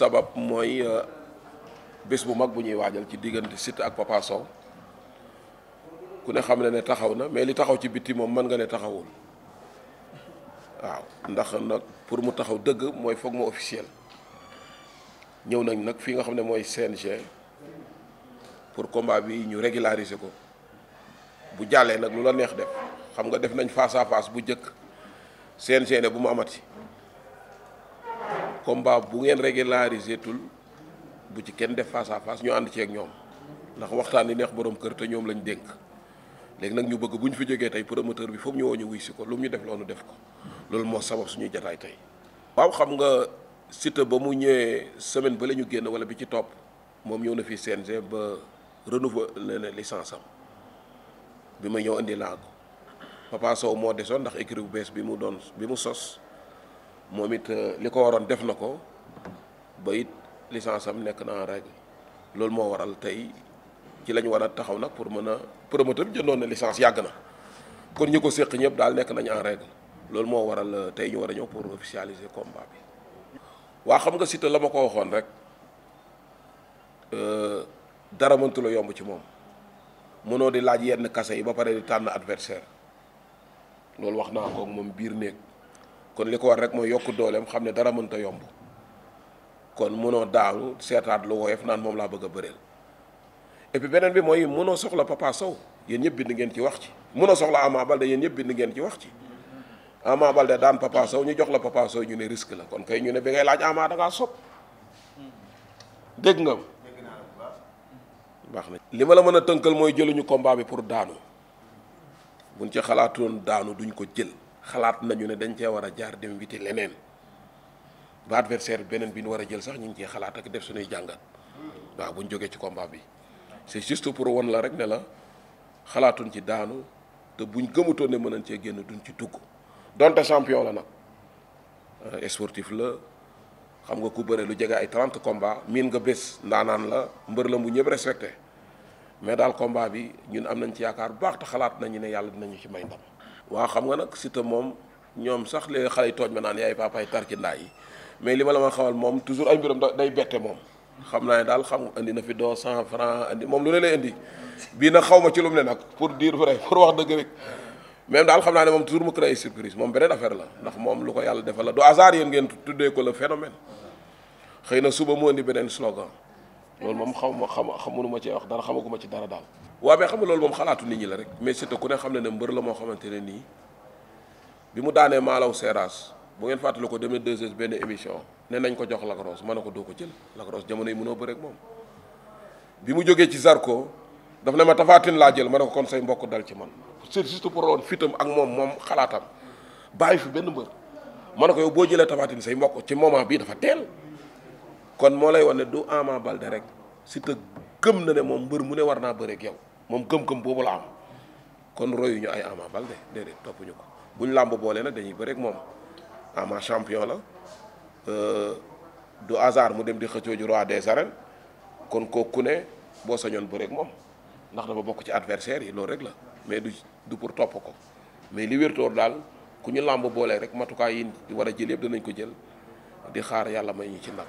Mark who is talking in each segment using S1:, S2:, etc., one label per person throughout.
S1: sabab mooy euh, bés bu mag bu ñuy waajal ci diggante sit ak Papa Sow ku ne xam ne ne taxaw na mais li taxaw ci biti moom mën nga ne taxawul waaw ndax nag pour mu taxaw dëgg mooy foog mu officiel ñëw nañ nag fii nga xam ne mooy CNG pour combat bi ñu régulariser ko bu jàllee nag lu la neex def xam nga def nañ face à face bu njëkk CNG ne bu mu amati. comme combat bu ngeen régulariser tul bu ci kenn def face à face ñu ànd ci ak ñoom ndax waxtaan yi neex borom kër te ñoom lañ dénk léegi nag ñu bëgg bu ñu fi jógee tey promoteur bi foog ñëwoo woo ñu wuy si ko lu mu ñu def loonu def ko loolu moo sabab suñuy jataay tey. waaw xam nga Siteu ba mu ñëwee semaine ba la ñu génn wala bi ci topp moom ñëw na fii CNG ba renouveler na licence am bi ma ñëw indi laa ko Papa Sow moo desoon ndax écurie bu bees bi mu doon bi mu sos. moom it euh, li ko waroon def na ko ba it licence am nekk na en règle loolu moo waral tey ci lañu ñu war a taxaw nag pour mën a promoteur bi jëndoon na licence yàgg na kon ñi ko séq ñëpp daal nekk nañu en règle loolu moo waral euh, tey ñu war a ñëw pour officialiser combat bi. waa xam nga Siteu la ma ko waxoon rek euh, dara mëntula la yomb ci moom mënoo di laaj yenn kase yi ba pare di tànn adversaire loolu wax naa kook moom biir néeg. kon li ko war rek mooy yokk dooleem xam ne dara mënta yomb kon mënoo daalu seetaat lu woyof naan moom laa bëgg a bëreel et beneen bi mooy mënoo soxla Papa Sow yéen ñëpp bind ngeen ci wax ci munoo soxla Ama Baldé yéen ñëpp bind ngeen ci wax ci Ama Baldé daan Papa Sow ñu jox la Papa Sow ñu ne risque la kon kay ñu ne bi ngay laaj Ama da ngaa sob dégg nga baax na li ma la mën a tënkal mooy jëluñu combat bi pour daanu buñ ci xalaatoon daanu duñ ko jël xalaat nañu ne dañ cee war a jaar dem witi leneen ba adversaire beneen bi ñu war a jël sax ñu ngi cee xalaat ak def suñuy jàngat waaw bu ñu jógee ci komba bi c'est juste pour won la rek ne la xalaatuñ ci daanu te buñ gëmutoon ne mën nañ cee génn duñ ci dugg donte champion la nag euh, sportif la xam nga ku bëre lu jege ay 30 combat miin nga bés ndaanaan la mbër la mu ñëpp respecte mais daal combat bi ñun am nañ ci yaakaar bu baax te xalaat nañu ne yàlla dinañu ci may waaw xam nga nag Siteu moom ñoom sax léegi xale yi tooñ ma naan yaay papaay tarkindaa yi mais li ma la ma xamal moom toujours ay mbiram day bette moom xam naa ne daal xam indi na fi doo cent franc andi moom lu ne lay indi bii na xaw ma ci lu mu ne nag pour dire vrai pour wax dëgg rek même daal xam naa ne moom toujours mu créé surprise moom beneen affaire la ndax moom lu ko yàlla defal la du hasard yéen ngeen tuddee ko le phénomène xëy na suba mu indi beneen slogan loolu moom xaw ma xama xamunu ma cee wax dara xamaguma ci dara daal. waaw mais xam nga loolu moom xalaatu nit ñi la rek. mais surtout ku ne xam ne ne mbër la moo xamante ne nii bi mu daanee maalaw seeraas bu ngeen fàttali ko demee 2 benn émission ne nañ ko jox Lagros ma ne ko doo ko jël Lagros jamono yi mënoo bëre ak moom. bi mu jógee ci Zarko daf ne ma tafaatin laa jël ma ne ko kon say mbokk dal ci man juste pour loolu fitam ak moom moom xalaatam bàyyi fi benn mbër ma ne boo jëlee tafaatin say mbokk ci moment bii dafa teel. kon moo lay wan ne du Ama balde rek Siteu gëm na ne moom mbër mu ne war naa bëreeg yow moom gëm-gëm boobu la am kon royuñu ay Ama Baldé déedéet toppuñu ko buñ làmb boolee nag dañuy bëreeg moom Ama champion la euh, du hasard mu dem di xëccoo ju roi des arènes kon kooku ne boo sañoon bëreeg moom ndax dafa bokk ci adversaire yi loolu rek la mais du du pour topp ko mais li wértoor daal ku ñu làmb boolee rek matukaay yi war a jël yëpp danañ ko jël di xaar yàlla may ñu ci ndam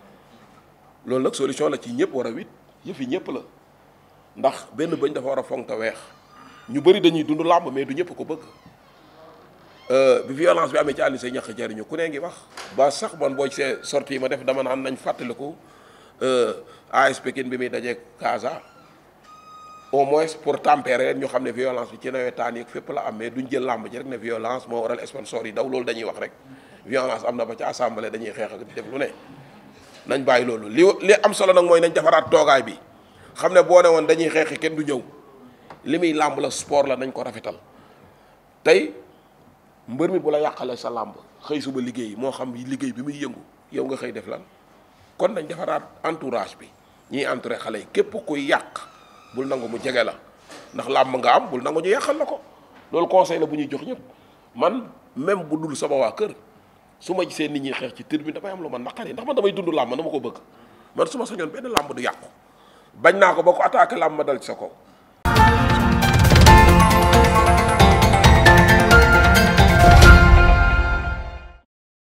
S1: loolu nag solution la ci ñëpp war a wit yëf ñëpp la ndax benn bëñ dafa war a fonk te weex ñu bëri dañuy dund làmb mais du ñëpp ko bëgg euh, bi violence bi amee ci àll say ñax jariñu ku ne ngi wax. ba sax man boo see sorti ma def dama naan nañ fàttaliku euh, asp Pikine bi muy dajeeg Casa au moins pour tempérer ñu xam ne violence bi ci nawetaan yi fépp la am mais duñ jël làmb ci rek ne violence moo waral sponsor yi daw loolu dañuy wax rek violence am na ba ci assemblée dañuy xeex ak def lu ne. nañ bàyyi loolu li li am solo nag mooy nañ defaraat toogaay bi xam ne boo ne woon dañuy xeexi kenn du ñëw li muy làmb la sport la nañ ko rafetal tey mbër mi bu la yàqale sa làmb xëy suba liggéey moo xam liggéey bi muy yëngu yow nga xëy def lan kon nañ defaraat entourage bi ñiy entre xale yi képp kuy yàq bul nangu mu jege la ndax làmb nga am bul nangu ñu yàqal la ko loolu conseil la bu ñuy jox ñëpp man même bu dul sama waa kër su ma gisee nit ñi xeex ci tribune dafay am lu ma naqari ndax man damay dund làmb dama ko bëgg man su ma sañoon benn làmb du yàqu bañ naa ko ba ko attaqué làmb ma dal ci sa kaw